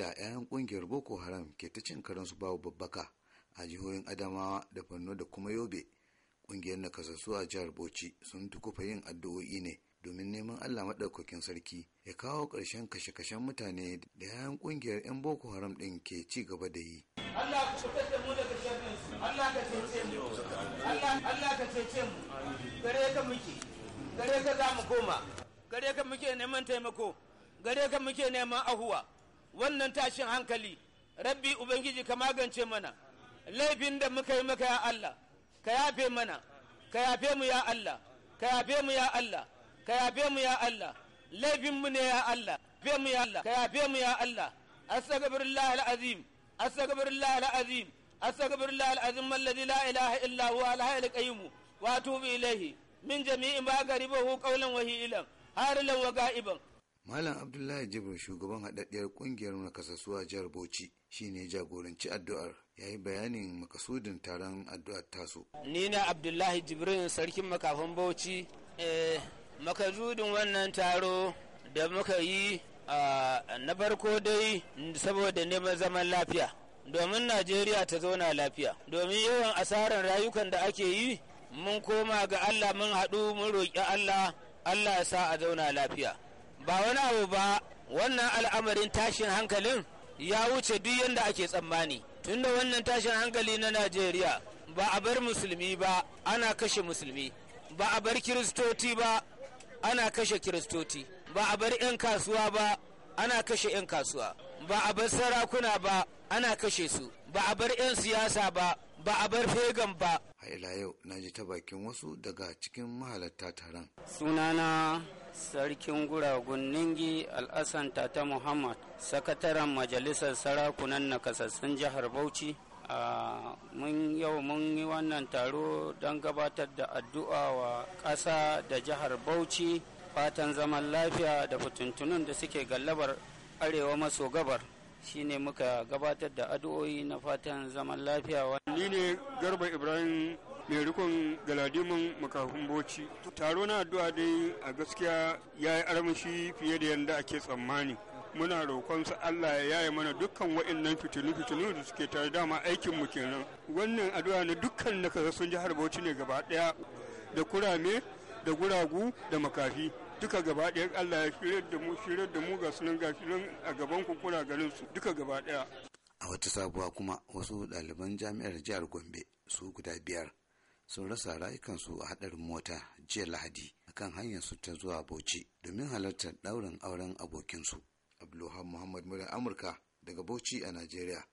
da 'yan kungiyar boko haram ke ta cin karansu babu babbaka a jihohin adamawa da borno da kuma yobe kungiyar nakasassu a jihar bauchi sun tukufa yin addu'o'i ne domin neman allah maɗaukakin sarki ya kawo ƙarshen kashe-kashen mutane da 'ya'yan kungiyar 'yan boko haram ɗin ke ci gaba da yi gare ka muke neman taimako gare ka muke neman ahuwa wannan tashin hankali rabbi ubangiji ka magance mana laifin da muka yi maka ya Allah ka yafe mana ka yafe mu ya Allah ka yafe mu ya Allah ka yafe mu ya Allah laifin mu ne ya Allah yafe mu ya Allah ka yafe mu ya Allah astaghfirullah alazim astaghfirullah alazim astaghfirullah alazim alladhi la ilaha illa huwa alhayyul qayyum wa atubu ilayhi min jami'i ma garibahu qawlan wa hilan harilan wa ga'iban Malam Abdullahi Jibril, shugaban haɗaɗɗiyar ƙungiyar makasassuwa jihar Bauchi shine jagoranci addu'ar ya yi bayanin makasudin taron addu'ar taso. Ni na Abdullahi Jibril sarkin makafin Bauchi eh, makasudin wannan taro da muka yi ah, na farko dai saboda neman zaman lafiya domin Najeriya ta zauna lafiya domin yawan asarar rayukan da ake yi mun koma ga Allah mun haɗu mun roƙi Allah Allah ya sa a zauna lafiya. ba wani abu ba wannan al'amarin tashin hankalin ya wuce duk yadda ake tsammani tunda wannan tashin hankali na najeriya ba a bar musulmi ba ana kashe musulmi ba a bar kiristoti ba ana kashe kiristoti ba a bar 'yan kasuwa ba ana kashe 'yan kasuwa ba a bar sarakuna ba ana kashe su ba a bar 'yan siyasa ba ba a bar fegan ba ila yau na ji ta bakin wasu daga cikin mahalatta taron sunana sarkin guragun ningi al'asan tata muhammad sakataren majalisar sarakunan nakasassun jihar bauchi mun yau mun yi wannan taro don gabatar da addu'a wa ƙasa da jihar bauchi fatan zaman lafiya da fitintunun da suke gallabar arewa maso gabar shine muka gabatar da addu'o'i na fatan zaman lafiya ni ne garba ibrahim mai rikon galadimin makafin boci taro na addu'a dai a gaskiya ya yi armashi fiye da yadda ake tsammani muna su Allah ya yi mana dukkan waɗannan fitilu-fitilu da suke tare dama aikin mu kenan wannan addu'a na dukkan na sun jihar Bauchi ne gaba ɗaya da kurame da guragu da makafi duka gaba ɗaya Allah ya shirya da mu shirya da mu ga sunan ga a gaban ku kuna ganin su duka gaba ɗaya a wata sabuwa kuma wasu ɗaliban jami'ar jihar Gombe su guda biyar sun rasa rayukansu a haɗarin mota jiya Lahadi akan hanyar su ta zuwa Bauchi domin halartar ɗaurin auren abokinsu Abdulhamid Muhammad Mura Amurka daga Bauchi a Najeriya